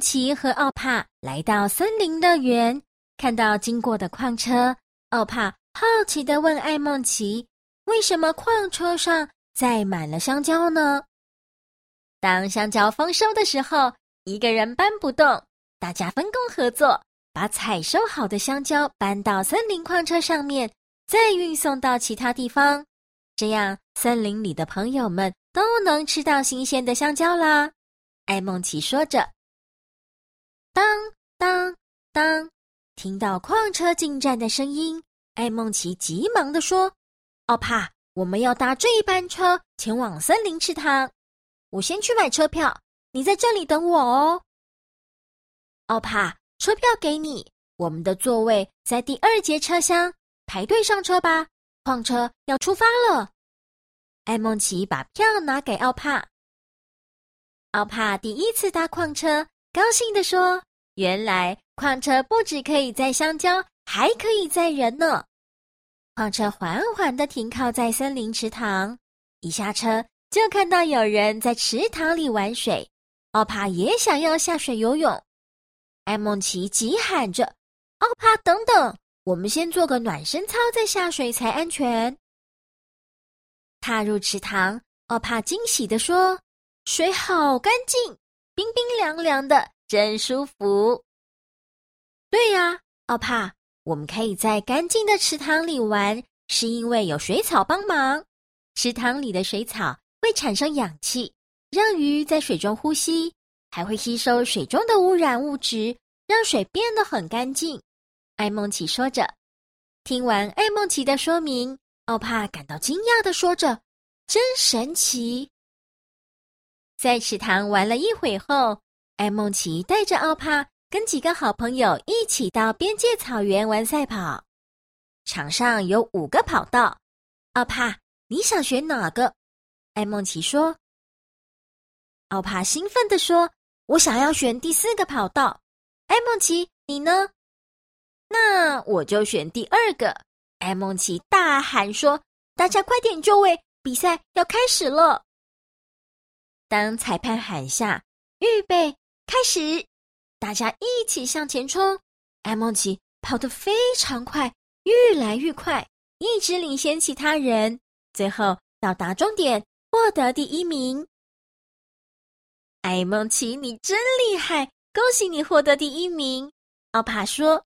奇和奧帕來到森林樂園，看到經過的礦車，奧帕好奇地問愛孟奇，為什麼礦車上載滿了香蕉呢？”當香蕉豐收的時候，一個人搬不動，大家分工合作，把採收好的香蕉搬到森林礦車上面，再運送到其他地方，這樣森林裡的朋友們都能吃到新鮮的香蕉啦！愛孟奇說着。噹噹噹！聽到礦車進站的聲音，愛孟奇急忙地說：“奧帕，我們要搭這一班車前往森林池塘，我先去買車票，你在這裡等我哦。”奧帕，車票給你，我們的座位在第二節車廂，排隊上車吧。礦車要出發了。愛孟奇把票拿給奧帕，奧帕第一次搭礦車，高興地說。原來礦車不只可以載香蕉，還可以載人呢。礦車緩緩地停靠在森林池塘，一下車就看到有人在池塘裡玩水。奧帕也想要下水游泳，愛孟奇急喊着：“奧帕，等等，我們先做個暖身操再下水才安全。”踏入池塘，奧帕驚喜地說：“水好乾淨，冰冰涼涼的。”真舒服。對呀，奧帕，我們可以在乾淨的池塘裡玩，是因為有水草幫忙。池塘裡的水草會產生氧氣，讓魚在水中呼吸，還會吸收水中的污染物質，讓水變得很乾淨。愛孟奇說着，聽完愛孟奇的說明，奧帕感到驚訝的說着：“真神奇！”在池塘玩了一會後。愛孟奇帶着奧帕跟幾個好朋友一起到邊界草原玩賽跑，場上有五個跑道。奧帕，你想選哪個？愛孟奇說。奧帕興奮地說：“我想要選第四個跑道。”愛孟奇，你呢？那我就選第二個。愛孟奇大喊說：“大家快點就位，比賽要開始了！”當裁判喊下“預備”。開始，大家一起向前衝。愛孟奇跑得非常快，越來越快，一直領先其他人。最後到達終點，獲得第一名。愛孟奇，你真厲害！恭喜你獲得第一名。奧帕說：“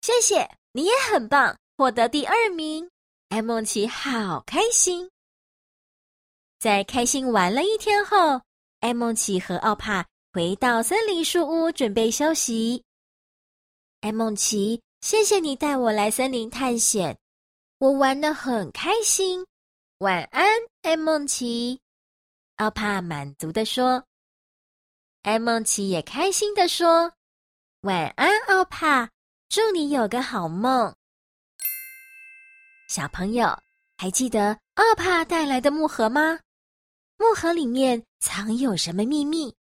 謝謝，你也很棒，獲得第二名。”愛孟奇好開心。在開心玩了一天後，愛孟奇和奧帕。回到森林樹屋準備休息，愛孟奇，謝謝你帶我來森林探險，我玩得很開心。晚安，愛孟奇。奧帕滿足地說，愛孟奇也開心地說，晚安，奧帕，祝你有個好夢。小朋友，還記得奧帕帶來的木盒嗎？木盒裡面藏有什麼秘密？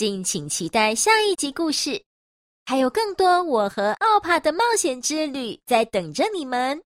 敬請期待下一集故事，還有更多我和奧帕的冒險之旅，在等着你們。